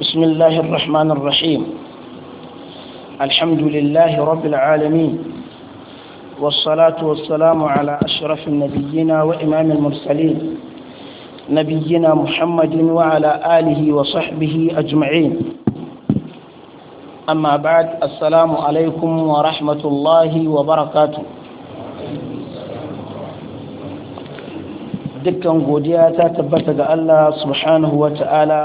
بسم الله الرحمن الرحيم الحمد لله رب العالمين والصلاة والسلام على أشرف النبيين وإمام المرسلين نبينا محمد وعلى آله وصحبه أجمعين أما بعد السلام عليكم ورحمة الله وبركاته dukkan godiya ta الله سبحانه وتعالى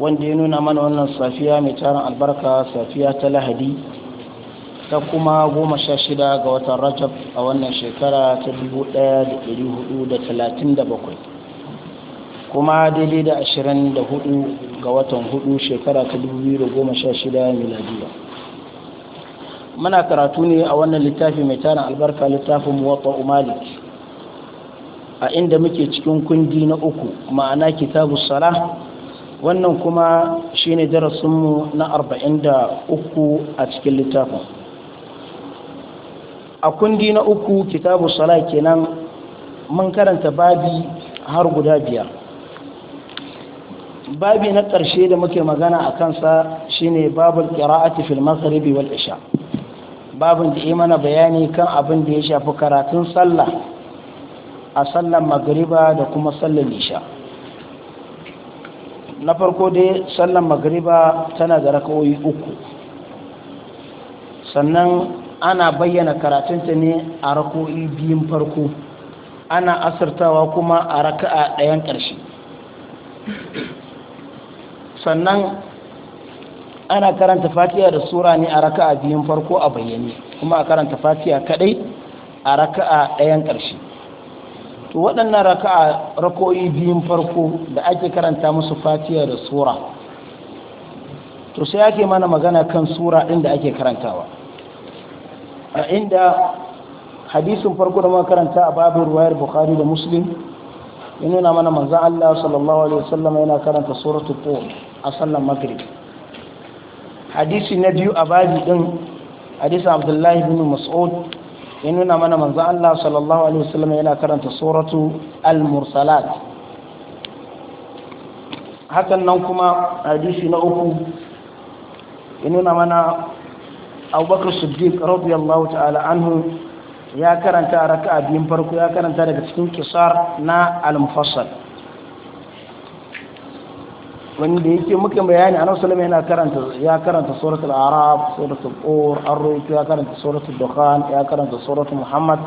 wanda ya nuna mana wannan safiya mai tarin albarka safiya ta lahadi ta kuma goma sha shida ga watan rajab a wannan shekara ta dubu ɗaya da da talatin da bakwai kuma daidai da ashirin da hudu ga watan hudu shekara ta dubu biyu da goma sha shida miladiya muna karatu ne a wannan littafi mai tarin albarka littafin muwatta umalik a inda muke cikin kundi na uku ma'ana kitabu salah wannan kuma shine darasinmu na arba'in 43 a cikin littafin a kundi na uku kitabu sala kenan mun karanta babi har guda biyar babi na ƙarshe da muke magana a kansa shine babul a fil maghribi wal isha babin da yi mana bayani kan abin da ya shafi karatun sallah a sallar magriba da kuma sallar isha na farko dai sallan magariba tana da raka'o'i uku sannan ana bayyana karatunta ne a raka'o'i biyun farko ana asirtawa kuma a raka'a ɗayan ƙarshe sannan ana karanta fatiya da sura ne a raka'a biyun farko a bayyane kuma a karanta fatiya kaɗai a raka'a ɗayan ƙarshe to waɗannan raka'a rako'i biyun farko da ake karanta musu fatiya da sura to sai ake mana magana kan sura ɗin da ake karantawa a inda hadisin farko da karanta a babin ruwayar bukhari da muslim ya nuna mana manzan allah sallallahu alaihi wasallam yana karanta suratul qur a sallan maghrib hadisi na biyu a babi ɗin hadisi abdullahi bin mas'ud ya nuna mana manzo Allah sallallahu alaihi wasallam yana karanta suratu al-mursalat hakan nan kuma hadisi na uku ya nuna mana abubakar siddiq radiyallahu ta'ala anhu ya karanta raka'a biyun farko ya karanta daga cikin kisar na al-mufassal wanda yake muka bayani annabi sallallahu yana karanta ya karanta suratul arab suratul qur ar-ruq ya karanta suratul dukhan ya karanta suratul muhammad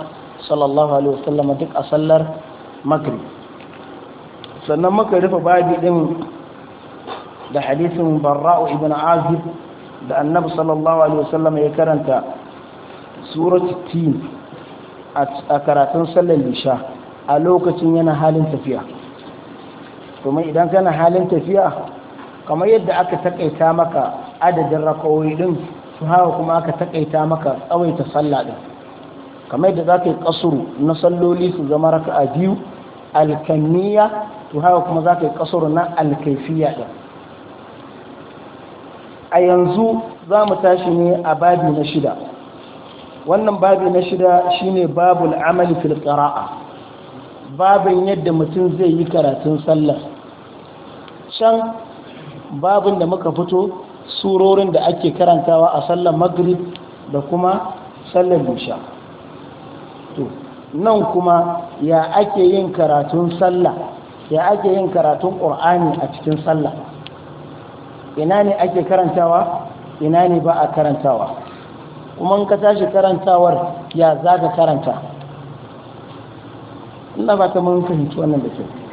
sallallahu alaihi wasallam duk a sallar makri sannan muka rufe babi din da hadisin barra'u ibn azib da annabi sallallahu alaihi wasallam ya karanta suratul tin a karatun sallar lisha a lokacin yana halin tafiya domin idan kana halin tafiya kamar yadda aka takaita maka adadin rakawoyi din su hawa kuma aka takaita maka tsawaita sallah din kamar yadda za ka yi kasuru na salloli su zama raka'a biyu alkaniya to hawa kuma za ka yi kasuru na alkaifiya din a yanzu za mu tashi ne a babi na shida wannan babi na shida shine babul amali fil qira'a babin yadda mutum zai yi karatun sallah can babin da muka fito surorin da ake karantawa a sallar maghrib da kuma sallar isha to nan kuma ya ake yin karatun sallah ya ake yin karatun qur'ani a cikin sallah ina ne ake karantawa ina ne ba a karantawa kuma in ka tashi karantawar ya za karanta ina ba ta mun fahimci wannan da kyau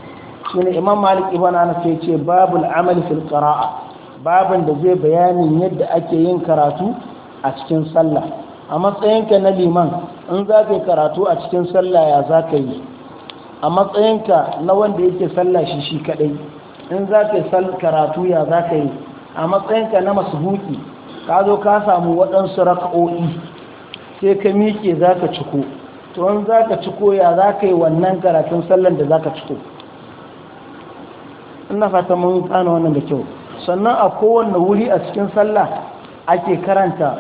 shine imam malik ibn anas ya ce babul amali fil qira'a babin da zai bayanin yadda ake yin karatu a cikin sallah a matsayinka na liman in za ka yi karatu a cikin sallah ya za ka yi a matsayinka na wanda yake sallah shi shi kadai in za ka yi karatu ya za ka yi a matsayinka na masbuki ka zo ka samu waɗansu raka'o'i sai ka miƙe za ka ciko to in za ka ciko ya za ka yi wannan karatun sallan da za ka ciko ina fata mun gane wannan da kyau sannan a kowanne wuri a cikin sallah ake karanta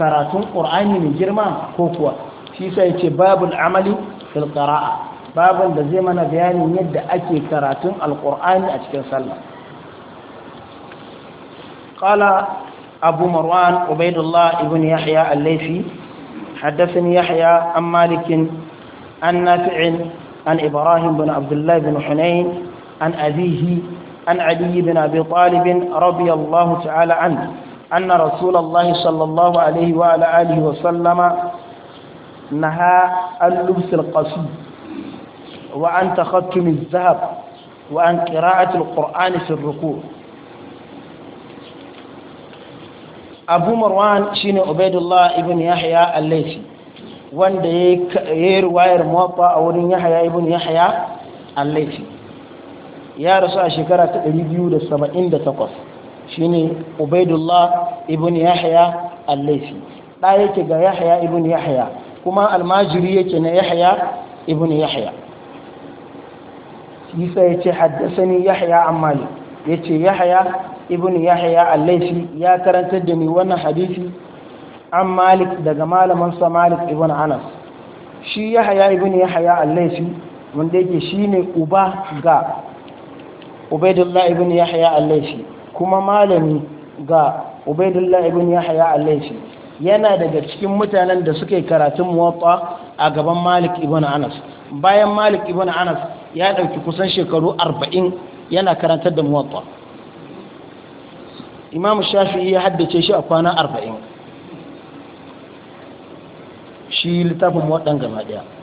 karatun qur'ani mai girma ko kuwa shi sai yace babul amali fil qira'a babun da zai mana bayanin yadda ake karatun alqur'ani a cikin sallah qala abu marwan ubaidullah ibn yahya al-laythi حدثني يحيى عن مالك عن نافع عن إبراهيم بن عبد الله بن حنين عن أبيه عن علي بن أبي طالب رضي الله تعالى عنه أن رسول الله صلى الله عليه وعلى آله وسلم نهى عن لبس القصي وعن تختم الذهب وعن قراءة القرآن في الركوع أبو مروان شين عبيد الله ابن يحيى الليثي wanda ya yi ruwayar mawaƙa a wurin yahaya ibn yahaya al-laifi ya rasu a shekara ta 278 shine ubaidullah ibn yahya al-laifi da yake ga yahya ibn yahya kuma almajiri yake na yahya ibn yahya isa ya ce haddasani yahya an malik ya ce yahya ibn yahya al-laifi ya karanta da ni wannan hadisi an malik daga malamansa malik ibn anas shi yahya ibn yahya al-laifi wanda yake shine uba ga ubaidullah ibn yahya al-laifi kuma malami ga ubaidullah ibn yahya al-laifi yana daga cikin mutanen da suke yi karatun muwatta a gaban malik ibn anas bayan malik ibn anas ya ɗauki kusan shekaru 40 yana karantar da muwatta Imam shafi'i ya haddace shi a kwana 40 shi littafin muwatta gaba daya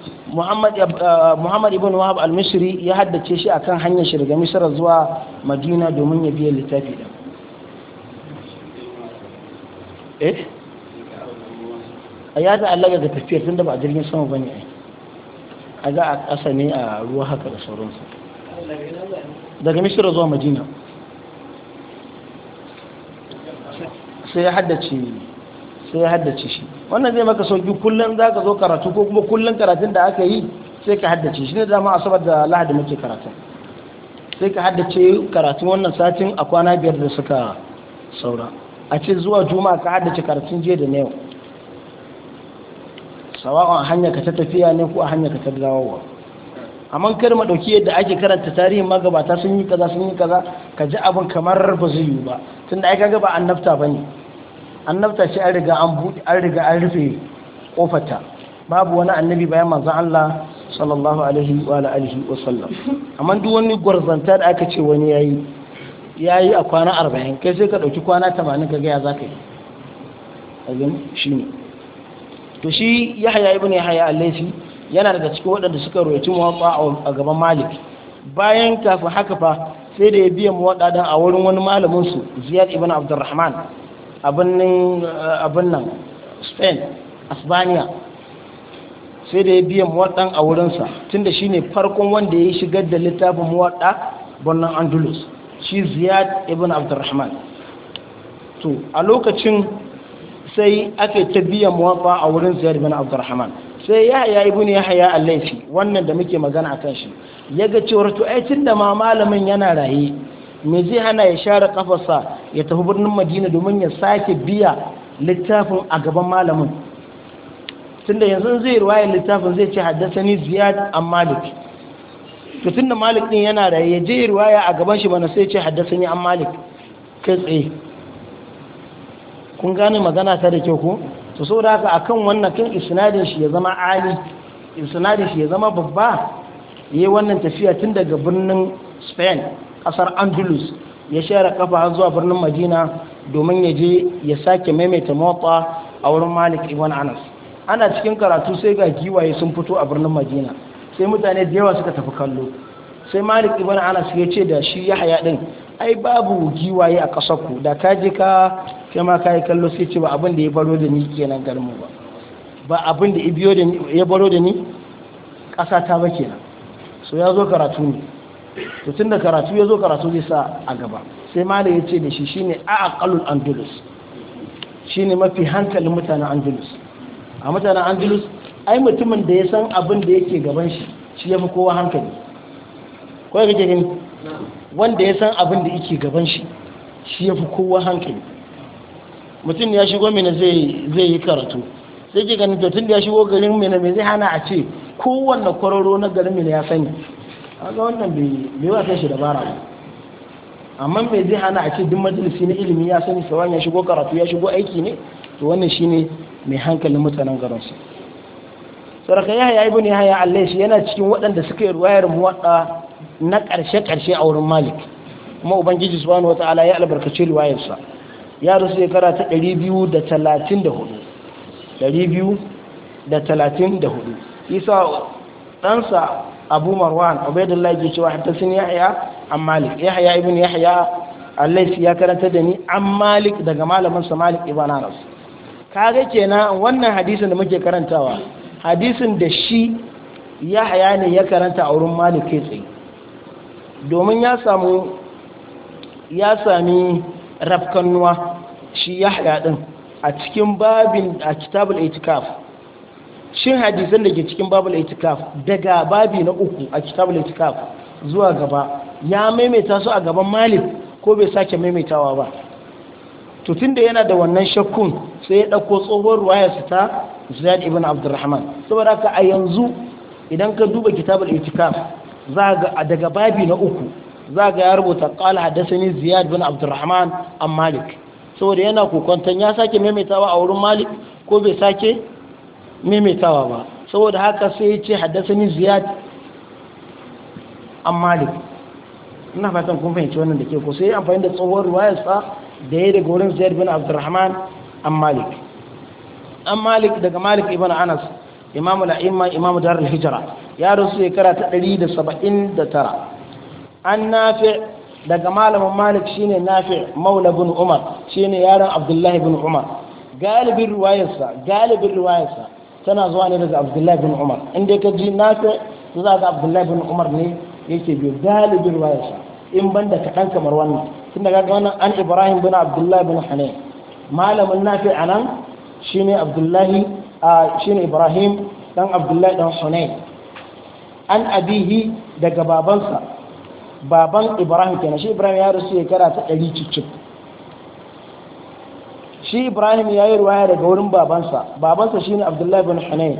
Uh, muhammad ibn wahab al-misri ya haddace shi akan hanyar shi daga misra zuwa madina domin ya biya littafi din eh ya ta'allaka ga tafiyar tunda ba a jirgin sama bane ai a ga a ƙasa ne a ruwa haka da sauransu daga misra zuwa madina sai ya haddace sai haddace shi wannan zai maka sauki kullum za ka zo karatu ko kuma kullum karatun da aka yi sai ka haddace shi ne da ma asabar da lahadi muke karatun sai ka haddace karatun wannan satin a kwana biyar da suka saura a ce zuwa Juma ka haddace karatun jiya da na yau sawa'un hanya ka ta tafiya ne ko a hanya ka ta dawowa amma kar ma dauki yadda ake karanta tarihin magabata sun yi kaza sun yi kaza ka ji abin kamar ba zai yi ba tunda ai kaga ba annabta bane annabta shi an riga an buɗe an riga an rufe kofarta babu wani annabi bayan manzon Allah sallallahu alaihi wa alihi wa sallam amma duk wani gwarzanta da aka ce wani yayi yayi a kwana 40 kai sai ka dauki kwana 80 ka ga ya zaka yi azin shine to shi Yahya ibn Yahya al yana daga cikin waɗanda suka royaci muwatta a gaban Malik bayan kafin haka fa sai da ya biya muwatta a wurin wani malamin su Ziyad ibn Abdurrahman abin nan spain asbaniya sai da ya biya muwaɗan a wurinsa tunda shi ne farkon wanda ya shigar da littafin muwaɗa bannan andalus shi ziyad ibn abdurrahman to a lokacin sai ake ta biya muwaɗa a wurin ziyad ibn abdurrahman sai ya haya ne ya haya laifi wannan da muke magana a kan shi ya ga cewar to aicin da ma malamin yana raye me zai hana ya share kafarsa ya tafi birnin madina domin ya sake biya littafin a gaban malamin tunda yanzu zai ruwaya littafin zai ce haddasa ni ziyad an malik to da malik ɗin yana da ya je ruwaya a gaban shi bana sai ce haddasa ni an malik kai tsaye kun gane magana ta da kyau ku? to da haka kan wannan kan isnadin shi ya zama ali isnadin shi ya zama babba yi wannan tafiya tun daga birnin spain ƙasar andalus ya share kafa har zuwa birnin madina domin ya je ya sake maimaita motsa a wurin malik ibn anas ana cikin karatu sai ga giwaye sun fito a birnin madina sai mutane da yawa suka tafi kallo sai malik ibn anas ya ce da shi ya haya din ai babu giwaye a kasarku da ka je ka kai ma kai kallo sai ce ba abin da ya baro da ni kenan garin mu ba ba abin da ya da ya baro da ni ƙasa ta ba kenan so ya zo karatu ne to tunda karatu ya zo karatu zai sa a gaba sai malam ya ce da shi shine a aqalul andalus shine mafi hankalin mutanen andalus a mutanen andalus ai mutumin da ya san abin da yake gaban shi shi ya fi kowa hankali kawai kake gani wanda ya san abin da yake gaban shi shi ya fi kowa hankali mutum ya shigo mina zai yi karatu sai ke ganin tun da ya shigo garin mina mai zai hana a ce kowanne kwararo na garin mina ya sani kaga wannan bai wa kai shi dabara ba amma mai zai hana a ce duk majalisi na ilimi ya sani sawan ya shigo karatu ya shigo aiki ne to wannan shine mai hankali mutanen garin su sarka haya ibn yahya al shi yana cikin waɗanda suka yi ruwayar muwadda na ƙarshe karshe a wurin malik kuma ubangiji subhanahu wataala ya albarkaci riwayar sa ya rusu shekara ta 234 234 isa ɗansa abu marwan ubaidullah ke cewa ta sun yahya an malik yahya ibn yahya allaisi ya karanta da ni an malik daga malamin sa malik ibn anas kaga kenan wannan hadisin da muke karantawa hadisin da shi yahya ne ya karanta a wurin malik kai tsaye domin ya samu ya sami rafkannuwa shi yahya din a cikin babin a kitabul itikaf shin hadisan da ke cikin babul itikaf daga babi na uku a kitabul itikaf zuwa gaba ya maimaita su a gaban malik ko bai sake maimaitawa ba to tunda yana da wannan shakkun sai ya dauko tsohon ruwayarsa ta Zaid ibn Abdurrahman saboda haka a yanzu idan ka duba kitabul itikaf daga babi na uku za ga ya rubuta qala hadathani Ziyad ibn Abdurrahman an Malik saboda yana kokonton ya sake maimaitawa a wurin Malik ko bai sake maimaitawa ba saboda haka sai ya ce haddasani ziyad an malik ina fatan kun fahimci wannan da ke ko sai amfani da tsohon ruwayarsa da ya daga wurin ziyad bin abdurrahman an malik an malik daga malik ibn anas imamu la'imma imamu darar hijira ya rasu shekara ta 179 an nafi daga malamin malik shine nafi maula bin umar shine yaron abdullahi bin umar galibin ruwayarsa galibin ruwayarsa tana zuwa ne daga abdullahi bin umar inda ka ji nafe su za ga abdullahi bin umar ne yake biyu galibin ruwayarsa in ban da kaɗan kamar wannan tun daga ga wannan an ibrahim bin abdullahi bin hane malamin nafe a nan shine abdullahi ne ibrahim ɗan abdullahi ɗan hane an abihi daga babansa baban ibrahim kenan shi ibrahim ya rasu ya kara ta ɗari cikin. shi ibrahim ya yi ruwaya daga wurin babansa babansa shine abdullahi bin hunayn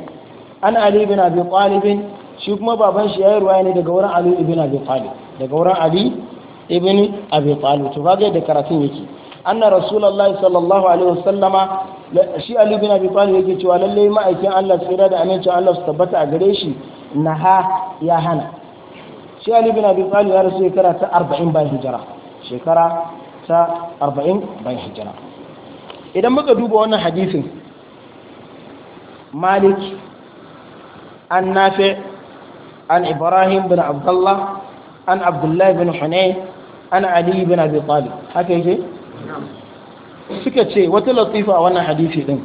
an ali bin abi talibin shi kuma baban shi ya yi ruwaya ne daga wurin ali ibn abi talib daga wurin ali ibn abi talib to kaga da karatun yake anna rasulullahi sallallahu alaihi wasallama shi ali ibn abi talib yake cewa lalle ma'aikin Allah tsira da amincin Allah su tabbata a gare shi naha ya hana shi ali bin abi talib ya rasu shekara ta 40 bayan hijira shekara ta 40 bayan hijira idan muka duba wannan hadisin malik an nafe an ibrahim bin abdullah an abdullahi bin hunayn an ali bin abi talib haka yake suka ce wata latifa a wannan hadisi din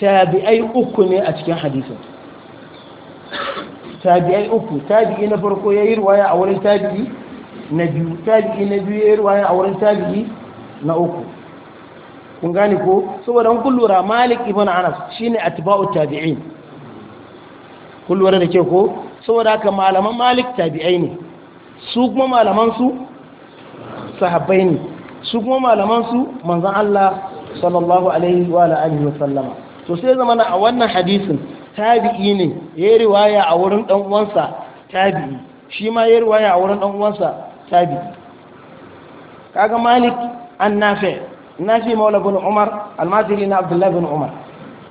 tabi'ai uku ne a cikin hadisin tabi'ai uku tabi'i na farko yi ruwaya a wurin tabi'i na biyu tabi'i na biyu ya yi ruwaya a wurin tabi'i na uku kun gani ko saboda kun kullura malik ibn anas shine atba'u tabi'in kullura da ke ko saboda haka malaman malik tabi'ai ne su kuma malaman su sahabbai ne su kuma malaman su manzon Allah sallallahu alaihi wa alihi wa sallama to sai zamana a wannan hadisin tabi'i ne ya riwaya a wurin dan uwansa tabi'i shi ma ya riwaya a wurin dan uwansa tabi'i kaga malik an nafi' nafi maula bin umar almajiri na abdullahi bin umar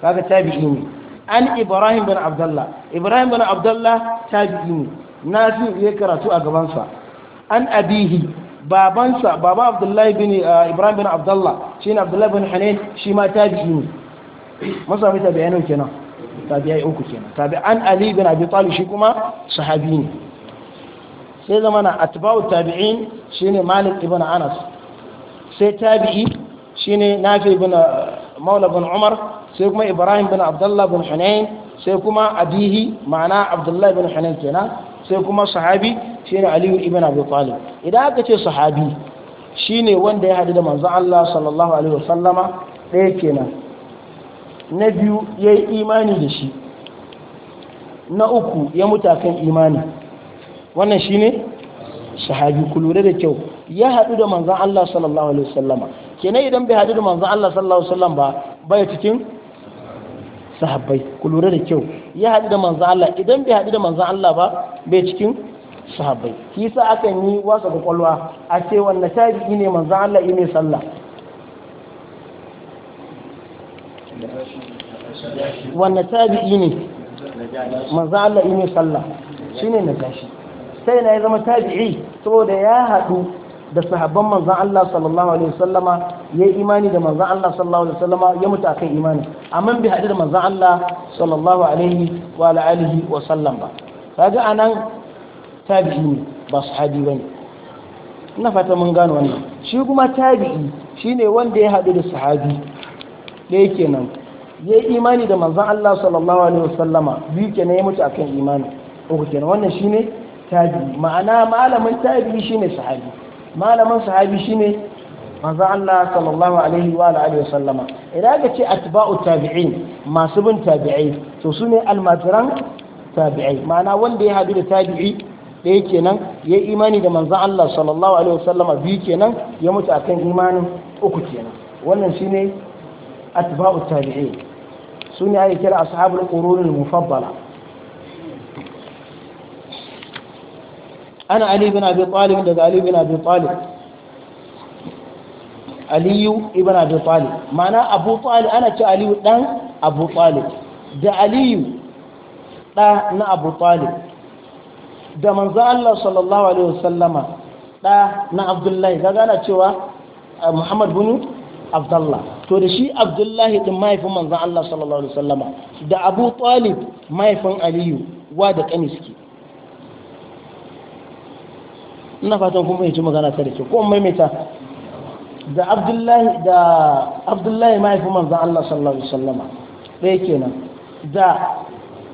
kaga tabi'i ne an ibrahim bin abdullah ibrahim bin abdullah tabi'i ne nafi ya karatu a gabansa an abihi babansa baba abdullahi bin uh, ibrahim bin abdullah shine abdullahi bin hanif shi ma tabi'i ne masa mai tabi'i ne kenan tabi'i uku kenan tabi'an ali bin abi talib shi kuma sahabi ne sai zamana atba'u tabi'in shine malik ibn anas sai tabi'i shine nafi bin uh, maula bin umar sai kuma ibrahim bin abdullah bin hunayn sai kuma abihi ma'ana abdullah bin hunayn kenan sai kuma sahabi shine aliyu ibn abi talib idan aka ce sahabi shine wanda ya hadu da manzon Allah sallallahu alaihi wasallama ɗaya kenan na biyu yayi imani da shi na uku ya mutu kan imani wannan shine sahabi ku lura da kyau ya haɗu da manzan Allah sallallahu Alaihi wasallama Kene idan bai hadu da manzon Allah sallallahu alaihi wasallam ba bai cikin sahabbai ku lura da kyau ya hadu da manzon Allah idan bai hadu da manzon Allah ba bai cikin sahabbai kisa akan yi wasa kwalwa a ce wannan tabi'i ne manzon Allah ne sallah wanne tabi'i ne manzo Allah ne sallah shine najashi sai na ya zama tabi'i saboda ya haɗu da sahabban manzan Allah sallallahu alaihi wasallama ya yi imani da manzan Allah sallallahu alaihi wasallama ya mutu akan imani amma bai haɗu da manzan Allah sallallahu alaihi wa alihi wa sallam ba kaga anan tabi'i ne ba sahabi bane ina fata mun gano wannan shi kuma tabi'i shine wanda ya haɗu da sahabi ɗaya kenan ya yi imani da manzan Allah sallallahu alaihi wasallama biyu kenan ya mutu akan imani uku kenan wannan shine tabi'i ma'ana malamin tabi'i shine sahabi malamin sahabi shine manzo Allah sallallahu alaihi wa alihi wa sallama idan aka ce atba'u tabi'in masu bin tabi'i to sune almajiran tabi'i ma'ana wanda ya hadu da tabi'i ɗaya kenan ya imani da manzo Allah sallallahu alaihi wa sallama biyu kenan ya mutu akan imanin uku kenan wannan shine atba'u tabi'i sune ne ake kira ashabul qurunil mufaddala ana ali bin abi talib daga ali bin abi talib aliyu ibn abi talib ma'ana abu talib ana ce aliyu dan abu talib da aliyu da na abu talib da manzo Allah sallallahu alaihi wasallama da na abdullahi kaga ana cewa muhammad bin abdullah to da shi abdullahi din mahaifin manzo Allah sallallahu alaihi wasallama da abu talib mahaifin aliyu wa da kani suke ina fatan kuma yace magana ta da ke mai maimaita da abdullahi da abdullahi mahaifin manzo Allah sallallahu alaihi wasallam ɗaya kenan da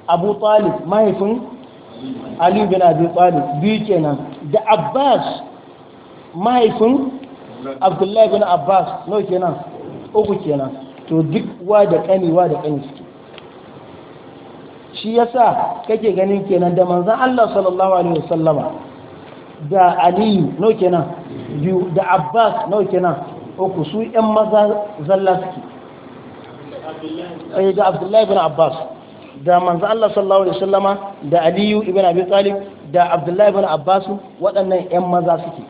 abu talib mahaifin ali bin abi talib biyu kenan da abbas mahaifin abdullahi bin abbas yake kenan uku kenan to duk wa da kani wa da kani suke shi yasa kake ganin kenan da manzon Allah sallallahu alaihi wasallama da aliyu nau kenan biyu da abbas nau kenan uku su yan maza zalla suke eh, da abdullahi ibn abbas da manzo Allah sallallahu alaihi wasallama da aliyu ibn abi talib da abdullahi ibn abbas waɗannan yan maza suke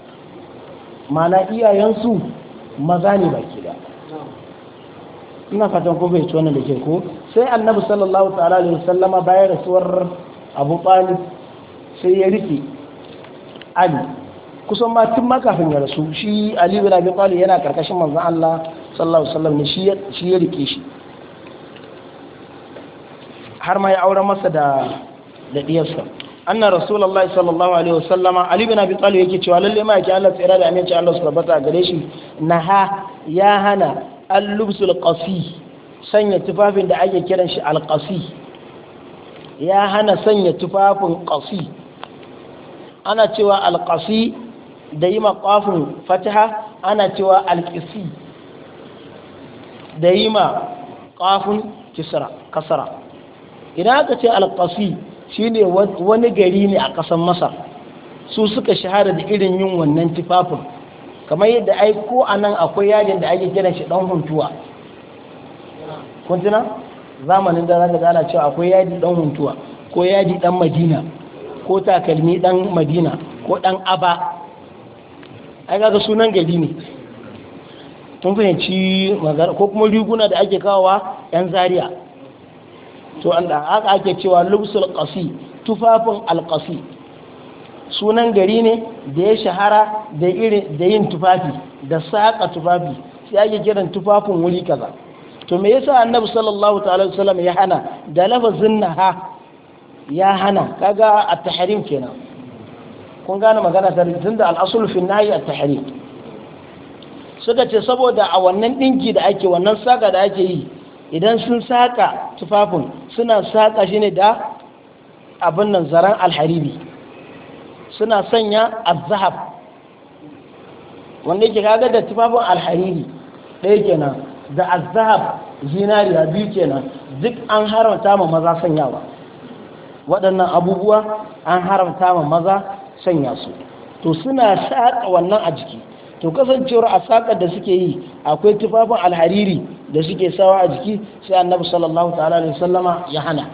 mana iyayensu maza ne baki da ina fatan ko bai ci wannan da ke ko sai annabi sallallahu ta'ala alaihi wasallama da suwar abu talib sai ya rike ali kusan ma tun ma kafin ya rasu shi ali bin abi talib yana karkashin manzon Allah sallallahu alaihi wasallam ne shi ya rike shi har ma ya aure masa da da diyarsa anna rasulullahi sallallahu alaihi wasallam ali bin abi talib yake cewa lalle ma yake Allah tsira da aminci Allah su rabata gare shi naha ya hana al-lubsul qasi sanya tufafin da ake kiran shi al-qasi ya hana sanya tufafin qasi ana cewa alƙasi da yi maƙafin fataha ana cewa alƙisi da yi maƙafin kasara idan aka ce alƙasi shi ne wani gari ne a ƙasan masar su suka shahara da irin yin wannan tufafin kamar yadda ai ko a nan akwai yajin da ake kiran shi ɗan huntuwa kuntuna zamanin da za ka gana cewa akwai yadi ɗan huntuwa ko yadi ɗan madina ko takalmi dan madina ko dan aba ai kaga sunan gari ne tun fahimci magana ko kuma riguna da ake kawowa yan Zariya. to an haka ake cewa lubsul qasi tufafin alqasi sunan gari ne da ya shahara da irin da yin tufafi da saka tufafi sai ake kiran tufafin wuri kaza to me yasa annabi sallallahu ta'ala wasallam ya hana da lafazin naha ya hana kaga a tahrim kenan kun gane magana ta tunda da al'asul fi nahi a tahrim suka ce saboda a wannan ɗinki da ake wannan saka da ake yi idan sun saka tufafin suna saka shi ne da abin nan al-haribi, suna sanya zahab. wanda yake kaga da tufafin al-haribi ɗaya kenan da zahab zinariya biyu kenan duk an haramta ma maza sanyawa waɗannan abubuwa an haramta ma maza sanya su to suna saƙa wannan a jiki to kasancewar a saƙar da suke yi akwai tufafin alhariri da suke sawa a jiki sai annabi sallallahu ta'ala alaihi sallama ya hana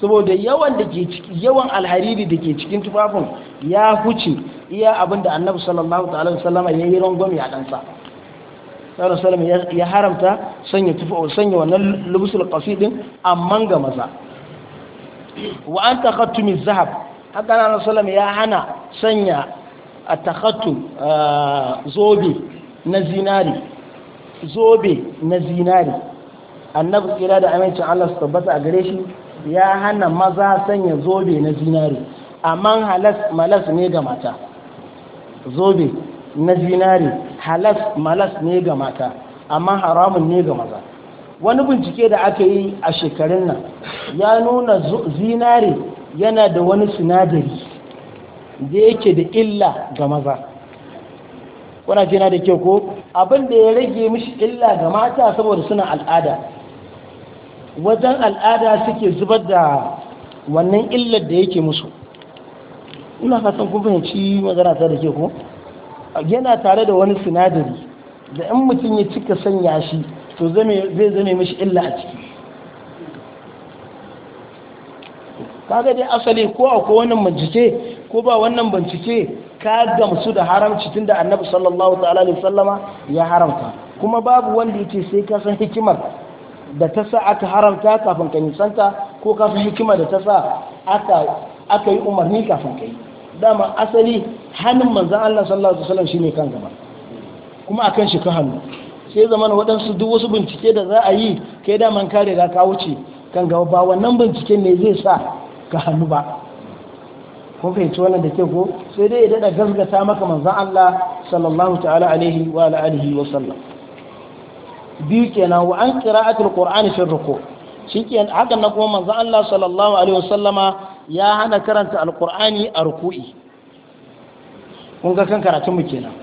saboda yawan da ke ciki yawan alhariri da ke cikin tufafin ya huce iya abin da annabi sallallahu ta'ala alaihi sallama ya yi rangwami a ɗansa sallallahu ya haramta sanya sanya wannan lubusul qasidin amman ga maza wa an takhattumi zahab haka na sallam ya hana sanya a takhattum zobe na zinari zobe na zinari annabi kira da amincin Allah su tabbata a gare shi ya hana maza sanya zobe na zinari amma halas malas ne ga mata zobe na zinari halas malas ne ga mata amma haramun ne ga maza wani bincike da aka yi a shekarun nan ya nuna zinare yana da wani sinadari da yake da illa ga maza Wana jina da kyau ko abin da ya rage mishi illa ga mata saboda suna al'ada wajen al'ada suke zubar da wannan illar da yake musu ina fatan kun fahimci magana ta da ke ko yana tare da wani sinadari da in mutum ya cika sanya shi to zai zame mashi illa a ciki kaga dai asali ko akwai wannan bincike ko ba wannan bincike ka gamsu da haramci tun da annabi sallallahu ta'ala alaihi sallama ya haramta kuma babu wanda yake sai ka san hikimar da ta sa aka haramta kafin ka nisanta ko ka san hikimar da ta sa aka yi umarni kafin kai dama asali hannun manzan Allah sallallahu alaihi wasallam shine kan gaba kuma akan shi ka hannu sai zaman waɗansu duk wasu bincike da za a yi kai daman kare ga ka wuce kan gaba ba wannan bincike ne zai sa ka hannu ba ko fahimci wannan da ke ko sai dai ya da gasgata maka manzan Allah sallallahu ta'ala alaihi wa alihi wa sallam biyu kenan wa an qira'atul qur'ani fi ruku shikenan hakan na kuma manzan Allah sallallahu alaihi wa sallama ya hana karanta alqur'ani a ruku'i kun ga kan karatun mu kenan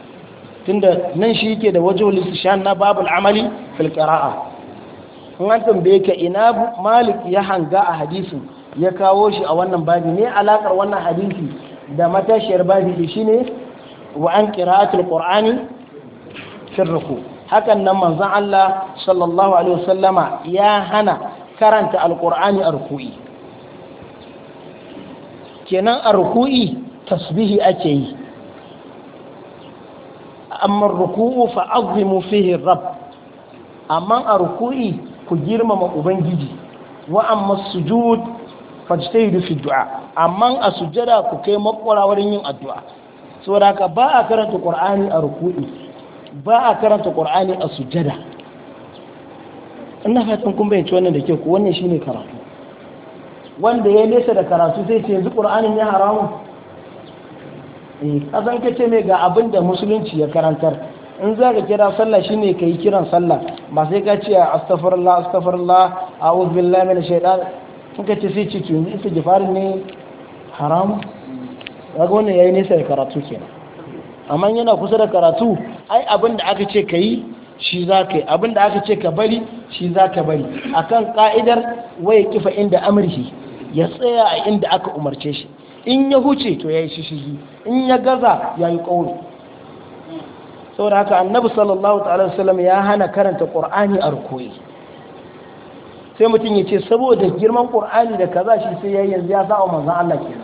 tunda nan shi yake da wajen listishan na babul amali fil qira'a in an ka ina malik ya hanga a hadisin ya kawo shi a wannan babi ne alaƙar wannan hadisi da matashiyar babi da ne wa an qira'atul qur'ani fil hakan nan manzon Allah sallallahu alaihi wasallama ya hana karanta alqur'ani a ruku'i kenan a ruku'i tasbihi ake yi amma ruku'u fa azimu fihi rabb amma a ruku'i ku girmama ubangiji wa amma sujud fajtahidu fi du'a amma a sujjada ku kai makwara wurin yin addu'a saboda haka ba a karanta qur'ani a ruku'i ba a karanta qur'ani a sujjada ina fatan kun bayyana wannan da ke ku wannan shine karatu wanda ya nesa da karatu sai ce yanzu qur'anin ya haramu Eh, kasan ka ce mai ga abin da musulunci ya karantar in za ka kira sallah shine ka yi kiran sallah ba sai ka ce astaghfirullah astaghfirullah a'udhu billahi minash shaitan in ka ce sai ce in su istighfar ne haram wani wannan yayi nesa da karatu kenan amma yana kusa da karatu ai abin da aka ce ka yi shi za ka yi abin da aka ce ka bari shi za ka bari akan ka'idar waya kifa inda amurki ya tsaya a inda aka umarce shi in ya huce to ya yi shishigi in ya gaza ya yi ƙauri saboda haka annabi sallallahu ta'ala wasallam ya hana karanta ƙor'ani a rukuri sai mutum ya ce saboda girman ƙor'ani da kaza shi sai ya yanzu ya sa'a manzan Allah nan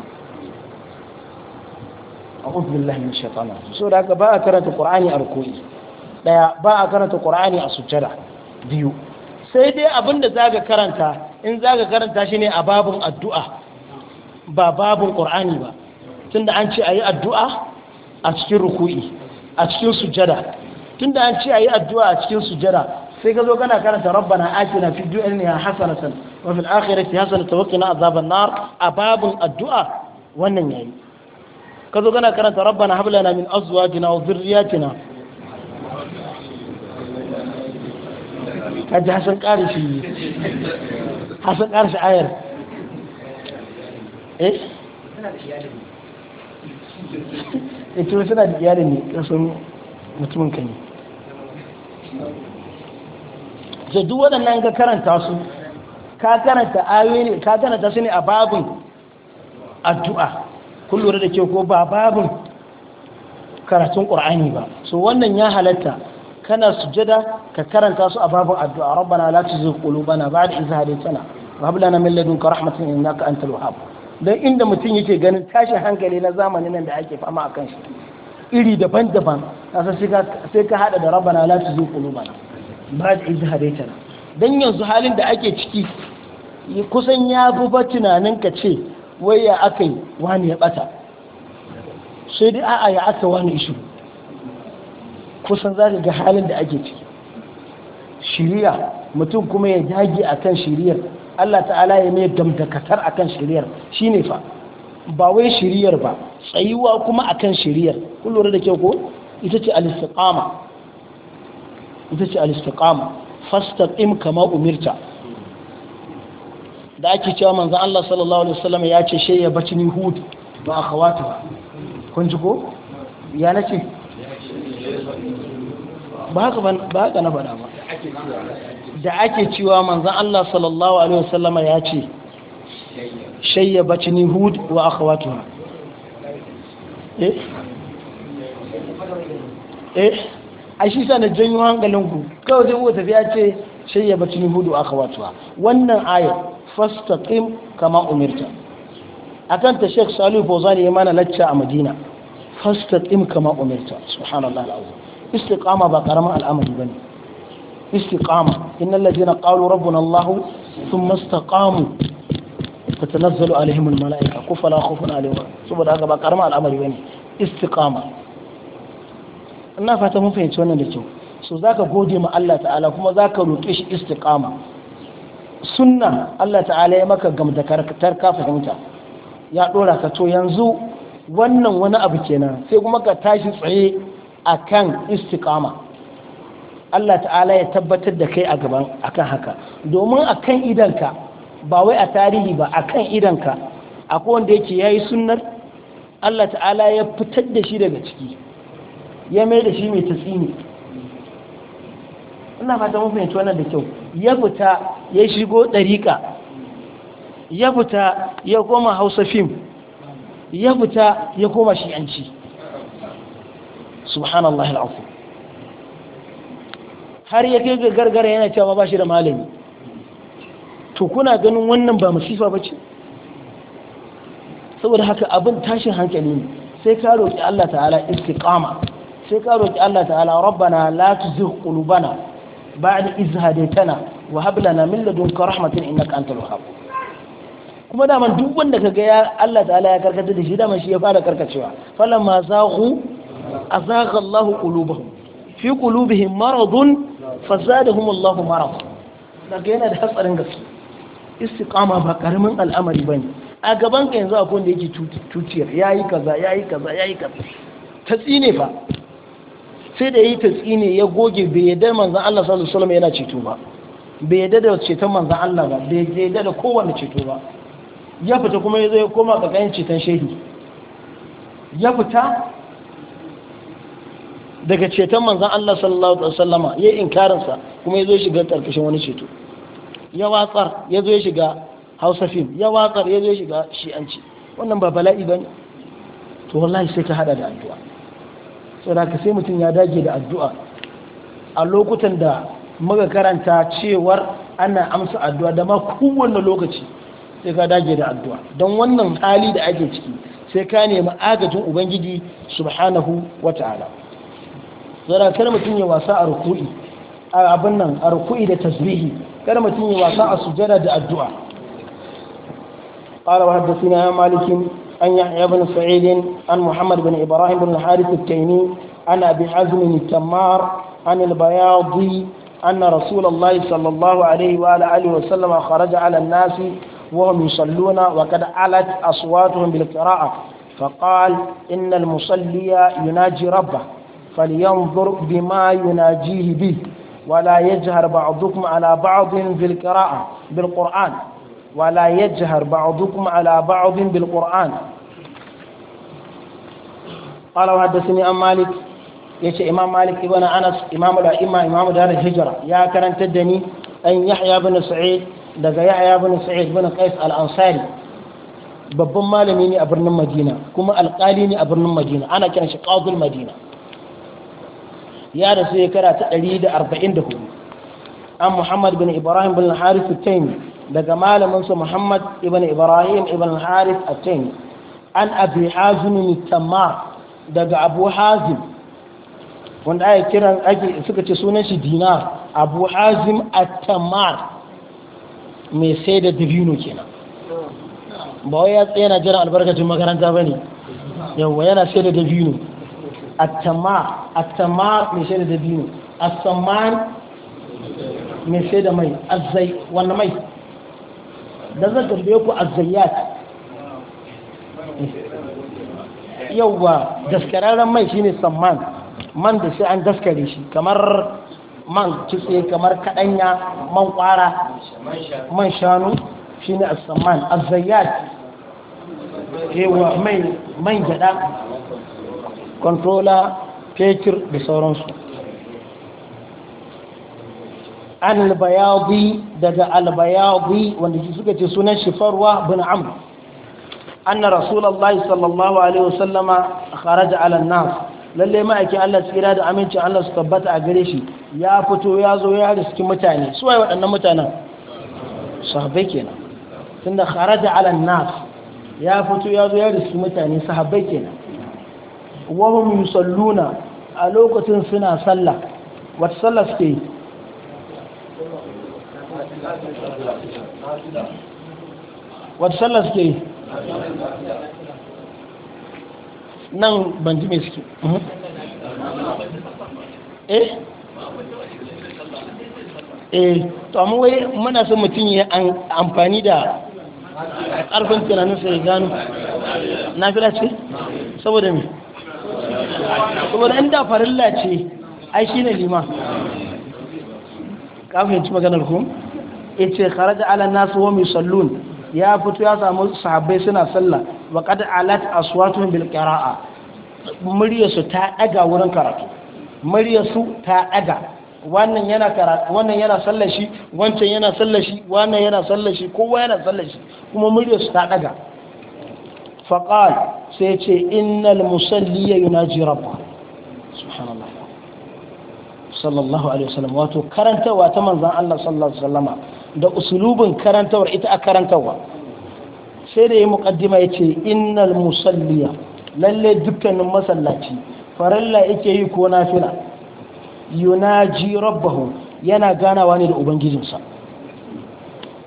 a ƙudubillahi min Sau saboda haka ba a karanta ƙor'ani a rukuri ɗaya ba a karanta ƙor'ani a sujjada biyu sai dai abin da za ka karanta in za ka karanta shi ne a babin addu'a ba babin ƙur'ani ba tunda an ce a yi addu'a a cikin ruku'i a cikin sujada tunda an ce a yi addu'a a cikin sujada sai ka zo gana karanta na atina fi dunya hasanatan wa fil akhirati hasanatan wa qina azaban nar a babun addu'a wannan yayi ka zo gana karanta rabbana hab lana min azwajina wa dhurriyyatina ka ji hasan ƙari hasan ƙari ayar eh ita eh, suna da iyali ne kasan mutumin ka ne da duk waɗannan ka karanta su ka karanta ayoyi ka karanta su ne a babin addu'a kun lura da ke ko ba babin karatun ƙur'ani ba so wannan ya halatta kana sujada ka karanta su a babin addu'a rabbana la tuzigh qulubana ba'da idh hadaytana wa hab lana min ladunka rahmatan innaka antal wahhab don inda mutum yake ganin tashin hankali na zamani nan da ake fama a kan shi iri daban-daban sai ka hada da rabana la tuzu qulubana ba da izharaitana Don yanzu halin da ake ciki kusan ya guba tunanin ka ce wai ya aka yi wani ya bata sai dai a'a ya aka wani ishi kusan za ga halin da ake ciki shiriya mutum kuma ya dage kan shiriyar Allah ta'ala ya mai damtakatar kan shiriyar shi ne fa ba wai shiriyar ba tsayuwa kuma a kan shiriyar kun lura da kyau ko ita ce al ita ce al fasta ɗin kama umirta da ake cewa manzan Allah sallallahu alaihi wasallam ya ce ya bacini hudu ba a kawata ba, kun ji ko ya nace ba haka ba haka na faɗa ba da ake cewa manzan Allah sallallahu alaihi wasallama ya ce shayya ni hud wa aka wato ha eh eh a shi sa na janyo hankalinku kawai zai wata ya ce shayya ni hud wa aka wato ha wannan aya kim kama umirta a kan ta shek salu bozani ya mana lacca a Madina fasta kim kama umirta subhanallahi alazim istiqama ba karaman al'amari ba ne istiqama innal na qalu rabbuna allah thumma istaqamu tatanazzalu alaihim al malaika ko fala khawfun alaihim saboda haka ba karama al'amari bane istiqama ina fata mun fahimci wannan da kyau so zaka gode ma Allah ta'ala kuma zaka roƙe shi istiqama sunna Allah ta'ala ya maka gamdakatar ka fahimta ya ɗora ka to yanzu wannan wani abu kenan sai kuma ka tashi tsaye akan istikama. Allah ta'ala ya tabbatar da kai a gaban akan haka domin akan idanka ba wai a tarihi ba akan idanka akwai wanda yake yayi sunnar Allah ta'ala ya fitar da shi daga ciki ya mai da shi mai tasini ina fata mun fahimci wannan da kyau ya fita ya shigo dariƙa ya fita ya koma Hausa film ya fita ya koma shi'anci subhanallahi al'azim har ya kai gargara yana cewa ba shi da malami to kuna ganin wannan ba masifa ba ce saboda haka abin tashin hankali ne sai ka roƙi Allah ta'ala istiqama sai ka roƙi Allah ta'ala rabbana la tuzigh qulubana ba'da idh hadaytana wa hab lana min ladunka rahmatan innaka antal wahhab kuma man duk wanda kaga ya Allah ta'ala ya karkata da shi man shi ya fara karkacewa falamma zaqu azagha Allahu qulubahum fi qulubihim maradun fazadahum Allahu marad daga yana da hatsarin gaske istiqama ba karamin al'amari bane a gaban ka yanzu akwai wanda yake tutiyar yayi kaza yayi kaza yayi kaza ta tsine fa sai da yi ta tsine ya goge bai yadda manzon Allah sallallahu alaihi wasallam yana ceto ba bai yadda da ceton manzon Allah ba bai yadda da kowanne ceto ba ya fita kuma ya zo ya koma ganin ceton shehi ya fita daga ceton manzan Allah sallallahu alaihi wasallam ya inkarinsa kuma ya zo shiga karkashin wani ceto ya watsar ya zo ya shiga hausa fim ya watsar ya zo ya shiga shi'anci wannan ba bala'i ba ne to wallahi sai ka hada da addu'a saboda ka sai mutum ya dage da addu'a a lokutan da muka karanta cewar ana amsa addu'a da ma kowanne lokaci sai ka dage da addu'a don wannan hali da ake ciki sai ka nemi agajin ubangiji subhanahu wata'ala zara kar mutum ya wasa a ruku'i a abin nan a ruku'i da tasbihi kar mutum ya wasa a sujada da addu'a qala wa haddathina malik an yahya ibn sa'id an muhammad ibn ibrahim ibn harith at-taymi an abi hazm at-tammar an al-bayadi أن رسول الله صلى الله عليه وآله وسلم خرج على الناس وهم يصلون وقد علت أصواتهم بالقراءة فقال إن المصلي يناجي ربه فلينظر بما يناجيه به ولا يجهر بعضكم على بعض بالقراءة بالقرآن ولا يجهر بعضكم على بعض بالقرآن قال وحدثني أم مالك يشي إمام مالك ابن أنس إمام الأئمة إمام دار الهجرة يا كرن تدني أن يحيى بن سعيد daga yahya bin sa'id bin qais al-ansari babban malami ne a birnin madina kuma alƙali ne a birnin madina ana kiran shi qadul madina ya rasu arba'in da 144 an muhammad bin ibrahim bin harith al-taymi daga malaminsa muhammad ibn ibrahim ibn harith al-taymi an abu hazim tamar daga abu hazim wanda ake kiran ake suka ce sunan shi dinar abu hazim al tamar mai sai da dabino kenan ba wai ya tsaye na jiran albarkacin makaranta ba ne yawwa yana sai da dabino attama attama mai shaida da biyu asaman mai shaida mai azzai wanda mai da zan tambaye ku azzayyat yauwa daskararren mai shine samman man da sai an daskare shi kamar man kitse kamar kadanya man kwara man shanu shine asaman azzayyat yauwa mai man gyada controller fetur da sauransu albayadi daga albayadi wanda suka ce sunan shifarwa bin amr anna rasulullahi sallallahu alaihi wasallama kharaja ala nas lalle ma'aikin Allah tsira da aminci Allah su tabbata a gare shi ya fito ya zo ya da riski mutane su waye waɗannan mutanen Sahabai kenan tunda kharaja ala ya fito ya zo ya da riski mutane sahabai kenan wahum yusalluna a lokacin suna sallah wata sallah suke yi wata sallah suke yi nan ban ji mai suke mhm. eh eh to amma wai muna son mutum ya amfani da ƙarfin tunaninsa ya gano na fi ce saboda mai kuma in da farilla ce ai shine liman ka fahimci maganar ku ce kharaja ala nasu wa misallun ya fito ya samu sahabbai suna sallah wa qad alat aswatuhum bil qira'a muryarsu ta daga wurin karatu muryarsu ta daga wannan yana karatu wannan yana sallar shi wancan yana sallar shi wannan yana sallar shi kowa yana sallar shi kuma muryarsu ta daga faqal sai ce innal musalli ya yi naji rabba subhanallah sallallahu alaihi wasallam wato karantawa ta manzan Allah sallallahu alaihi wasallama da usulubin karantawar ita a karantawa sai da ya ya ce innal musalliya lalle dukkanin masallaci faralla yake yi ko nafila yunaji rabbahu yana ganawa ne da ubangijinsa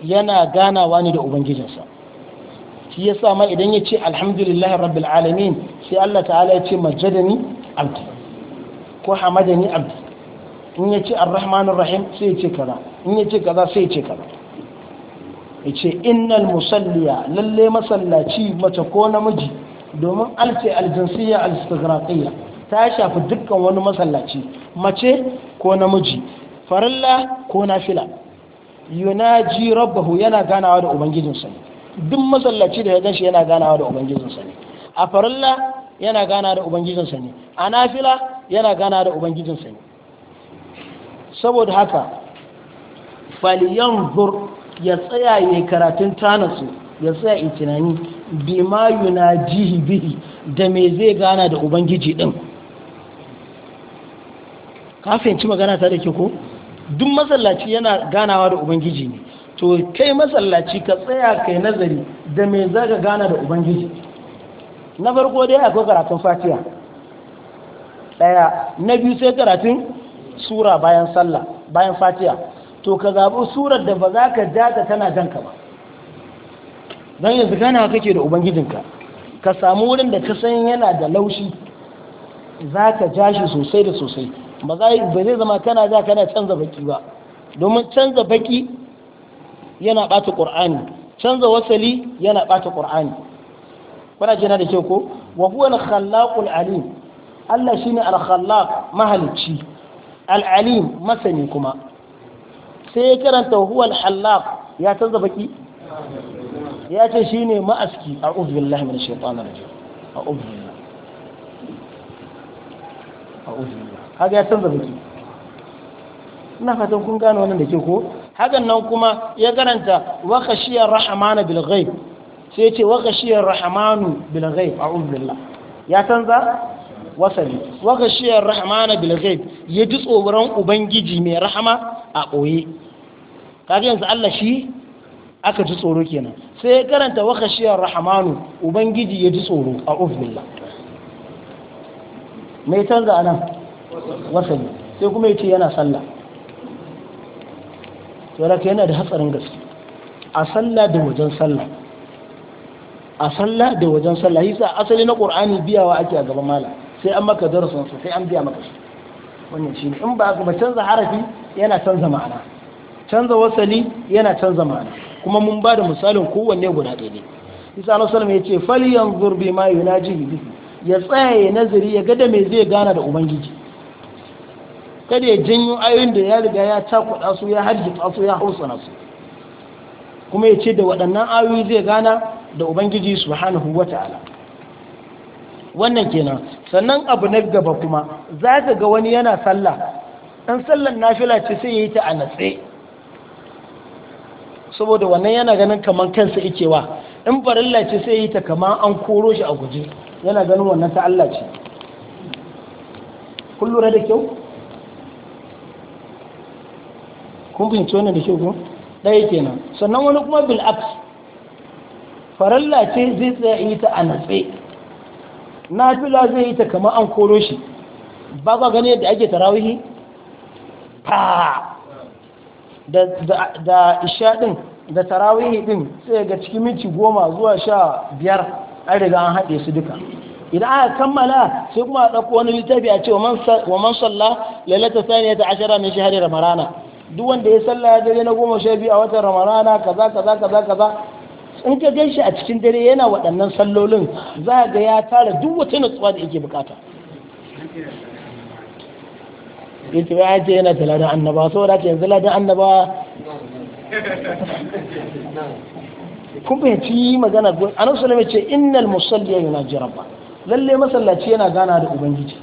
yana ganawa ne da ubangijinsa shi sa ma idan ya ce alhamdulillahi rabbil alamin sai Allah ta'ala ya ce majadani abdi ko hamadani abdi in ya ce arrahmanir rahim sai ya ce kaza in ya ce kaza sai ya ce kaza ya ce innal musalliya lalle masallaci mace ko namiji domin alce aljinsiyya alistigraqiyya ta shafi dukkan wani masallaci mace ko namiji farilla ko nafila yunaji rabbahu yana ganawa da ubangijinsa ne duk masallaci da ya ganshi yana ganawa da ubangijinsa ne a farilla yana gana da ubangijinsa ne a nafila yana gana da ubangijinsa ne saboda haka faliyan zur ya tsaya ya karatun tanasu ya tsaya in tunani bi ma yunajihi bihi da me zai gana da ubangiji din kafin ci magana ta da ke ko duk masallaci yana ganawa da ubangiji ne to kai masallaci ka tsaya kai nazari da me za ka gana da ubangiji na farko dai akwai karatun fatiya? ɗaya na biyu sai karatun sura bayan sallah bayan fatiya. to ka zaɓi surar da ba za ka ja ta tana janka ba don yanzu gana kake da ubangijinka ka samu wurin da ka san yana da laushi za ka ja shi sosai da sosai ba zai zama kana za kana canza baki ba domin canza baki yana bata qur'ani canza wasali yana bata qur'ani kuna jina da kyau ko wa huwa al-khallaqul alim Allah shine al-khallaq mahalicci al-alim masani kuma sai ya karanta huwa al-khallaq ya canza baki ya ce shine ma'aski a'udhu billahi minash shaitanir rajim a'udhu billahi a'udhu billahi kaga ya canza baki ina fatan kun gane wannan da ke ko hakan nan kuma ya karanta wa khashiyar rahmanu bil ghaib sai ya ce wa khashiyar rahmanu bil ghaib a'udhu billah ya canza wasali wa khashiyar rahmanu bil ghaib ya ji tsoron ubangiji mai rahama a koye kaga yanzu Allah shi aka ji tsoro kenan sai ya karanta wa khashiyar rahmanu ubangiji ya ji tsoro a ufbillah mai canza anan wasali sai kuma yace yana sallah saboda yana da hatsarin gaske a sallah da wajen sallah a sallah da wajen sallah yasa asali na ƙur'ani biyawa ake a gaban mala sai an maka darasin sai an biya maka shi wannan shi in ba ka canza harafi yana canza ma'ana canza wasali yana canza ma'ana kuma mun ba da misalin kowanne guda ɗaya ne isa na salama ya ce yanzu zurbi ma yunaji bihi ya tsaya ya nazari ya ga da me zai gana da ubangiji kada ya janyo ayoyin da ya riga ya cakuɗa su ya harjita su ya hausana su kuma ya ce da waɗannan ayoyi zai gana da ubangiji subhanahu ta'ala wannan kenan sannan abu na gaba kuma za ka ga wani yana sallah ɗan sallan nafila ce sai ya yi ta a natse saboda wannan yana ganin kaman kansa ikewa in barilla ce sai ya yi ta kaman an koro shi a guje yana ganin wannan ta Allah ce kun da kyau kun fahimci wannan da kyau ɗaya kenan sannan wani kuma bil aks faralla ce zai tsaya yi ta a natse nafila zai yi ta kamar an koro shi ba ka gani yadda ake tarawihi ta da da isha din da tarawihi din sai ga cikin minti goma zuwa sha biyar an riga an haɗe su duka idan aka kammala sai kuma a ɗauko wani littafi a ce wa man salla lalata saniya ta ashara min shahari ramarana duk wanda ya sallah dare na goma sha biyu a watan ramadana kaza kaza kaza kaza in ka gan shi a cikin dare yana waɗannan sallolin za ga ya tara duk wata natsuwa da yake bukata yace ya ce yana da ladan annaba saboda ce yanzu ladan annaba kun fahimci magana gun a sallallahu alaihi ce innal musalli jiran rabba lalle masallaci yana gana da ubangiji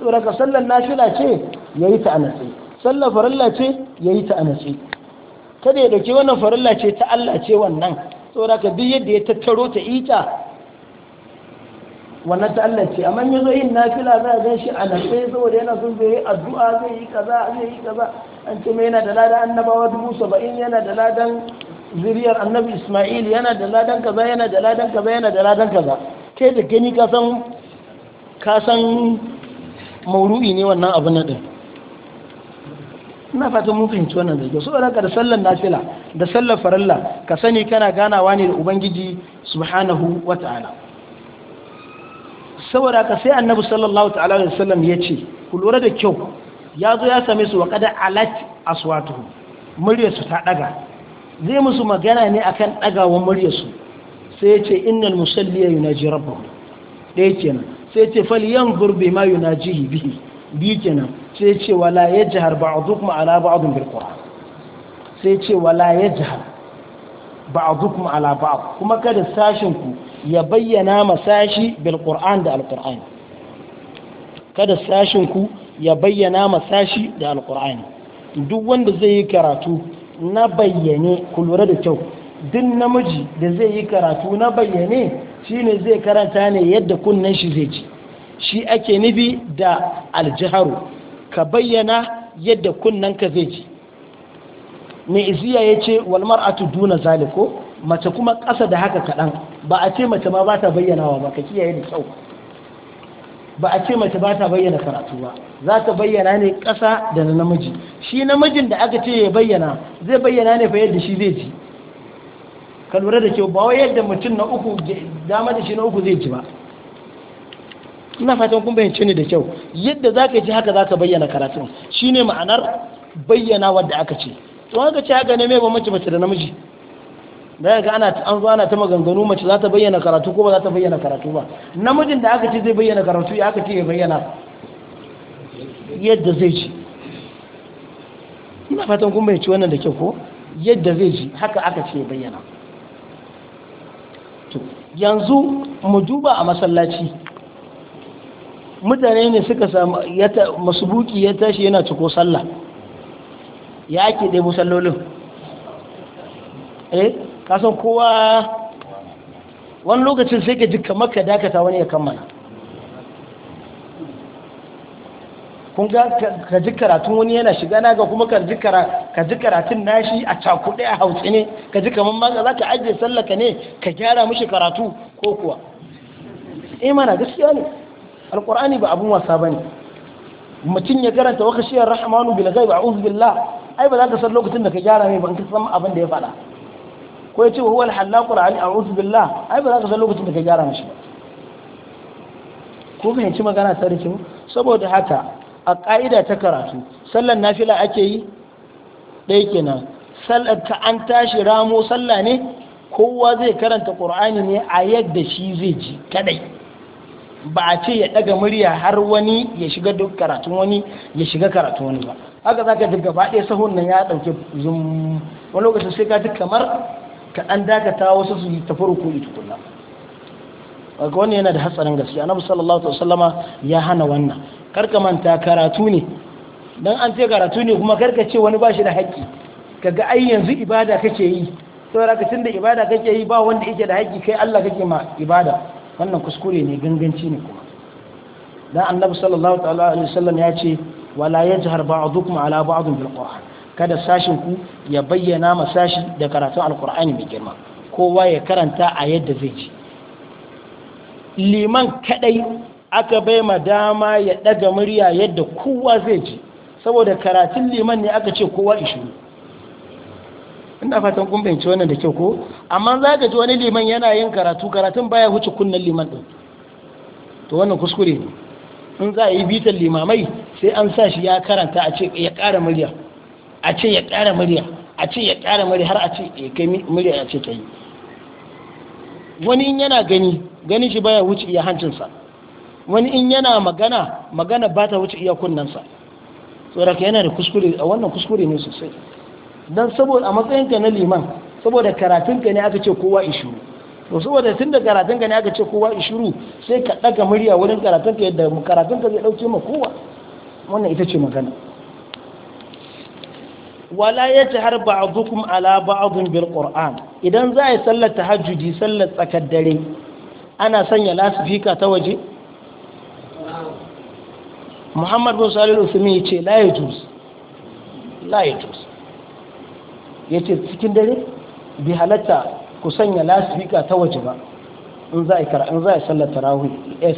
da ka sallar nafila ce ya ta a natsayi sallar farilla ce ya yi ta a natsi kada ya dauki wannan farilla ce ta Allah ce wannan saboda ka duk yadda ya tattaro ta ita wannan ta Allah ce amma yanzu yin nafila za a gan shi a natsi saboda yana son zai yi addu'a zai yi kaza zai yi kaza an ce mai yana da ladan annabawa dubu saba'in yana da ladan zuriyar annabi Ismail yana da ladan kaza yana da ladan kaza yana da ladan kaza kai da gani ka san ka san mauru'i ne wannan abu na din ina fatan mun fahimci wannan da kyau saboda ka da sallar nafila da sallar faralla ka sani kana ganawa ne da ubangiji subhanahu wata'ala saboda ka sai annabi sallallahu ta'ala alaihi wasallam ya ce ku lura da kyau ya zo ya same su wa kada alat aswatuhu muryarsu ta ɗaga zai musu magana ne akan dagawan muryarsu sai ya ce innal musalli yunaji rabbahu ɗaya kenan sai ya ce fal yanzur bima yunajihi bihi bi kenan sai ce wala ya jihar ba a ba'aduk ma'ala ba'adun bil qur'an sai ce wala ya jihar ba'aduk ma'ala ba'ad kuma kada sashinku ya bayyana masashi bil qur'an da al qur'an kada sashinku ya bayyana sashi da al qur'an duk wanda zai yi karatu na bayyane ku lura da kyau duk namiji da zai yi karatu na bayyane shi ne zai karanta ne yadda kunnen shi zai ci shi ake nufi da aljiharu ka bayyana yadda ka zai ji mai iziya ya ce walmar atu duna zaliko mace kuma ƙasa da haka kaɗan ba a ce mace ma ba ta bayyanawa ba ka kiyaye da kyau ba a ce mace ba ta bayyana karatu ba za ta bayyana ne ƙasa da na namiji shi namijin da aka ce ya bayyana zai bayyana ne fa yadda shi zai ji ka lura da kyau ba wai yadda mutum na uku dama da shi na uku zai ji ba ina fatan kun bayyance ni da kyau yadda za ka ji haka za ka bayyana karatun shine ma'anar bayyana wadda aka ce to haka ce haka ne mai ba mace da namiji da ga ana an zo ana ta maganganu mace za ta bayyana karatu ko ba za ta bayyana karatu ba namijin da aka ce zai bayyana karatu ya aka ce ya bayyana yadda zai ji ina fatan kun bayyance wannan da kyau ko yadda zai ji haka aka ce ya bayyana yanzu mu duba a masallaci mutane ne suka samu masubuki ya tashi yana ciko sallah ya ake ɗaya musallolin eh kasan kowa wani lokacin sai ka jika maka dakata wani ya kammala kun ga ka ji karatun wani yana shiga na ga kuma ka ji karatun nashi a cakuɗe a hautsi ne ka ji kamar ma za ka ajiye sallaka ne ka gyara mushi karatu ko kuwa eh mana gaskiya ne Alƙur'ani ba abin wasa bane mutum ya karanta wa khashiyar rahmanu bil ghaib a'udhu billah ai ba za ka san lokacin da ka gyara mai ban ka san abin da ya faɗa ko ya ce huwa al-hallaqul ali a'udhu billah ai ba za ka san lokacin da ka gyara mashi ba ko fahimci magana ta rikin saboda haka a ƙa'ida ta karatu sallar nafila ake yi ɗaya kenan sallar ka an tashi ramo sallah ne kowa zai karanta ƙur'ani ne a yadda shi zai ji kadai ba a ce ya daga murya har wani ya shiga duk karatun wani ya shiga karatun wani ba haka zaka duk gaba ɗaya sahun nan ya dauke zum wani lokacin sai ka duk kamar ka dan dakata wasu su tafi ruku'i tukunna kaga Wani yana da hatsarin gaskiya annabi sallallahu alaihi wasallama ya hana wannan Kar ka manta karatu ne dan an ce karatu ne kuma kar ka ce wani ba shi da haƙƙi kaga ai yanzu ibada kake yi saboda ka tunda ibada kake yi ba wanda yake da haƙƙi kai Allah kake ma ibada wannan kuskure ne ganganci ne kuma dan annabi sallallahu alaihi wasallam ya ce wala yajhar ba'dukum ala ba'dun bil qur'an kada sashin ku ya bayyana ma sashi da karatun alqur'ani mai girma kowa ya karanta a yadda zai ji liman kadai aka bai ma dama ya daga murya yadda kowa zai ji saboda karatun liman ne aka ce kowa ishiru ina fatan kun bayyance wannan da kyau ko amma za ka ji wani liman yana yin karatu karatun baya huce kunnan liman din to wannan kuskure ne in za a yi bitan limamai sai an sa shi ya karanta a ce ya ƙara murya a ce ya ƙara murya a ce ya ƙara murya har a ce ya kai murya ya ce ta yi wani in yana gani gani shi baya wuce iya hancinsa wani in yana magana magana ba ta wuce iya kunnensa tsoraka yana da kuskure a wannan kuskure ne sosai don saboda a matsayinka na liman saboda karatunka ne aka ce kowa ishuru to saboda tun da karatunka ne aka ce kowa ishuru sai ka ɗaga murya wurin karatunka yadda karatunka zai ɗauke ma kowa wannan ita ce magana wala ya ta har kuma ala ba'dun bil qur'an idan za a yi sallar tahajjudi sallar tsakar dare ana sanya lasifika ta waje muhammad bin salih al ya ce la yajuz la yajuz ya ce cikin dare bi halatta ku sanya lasifika ta waje ba in za a yi sallar tarawih eh,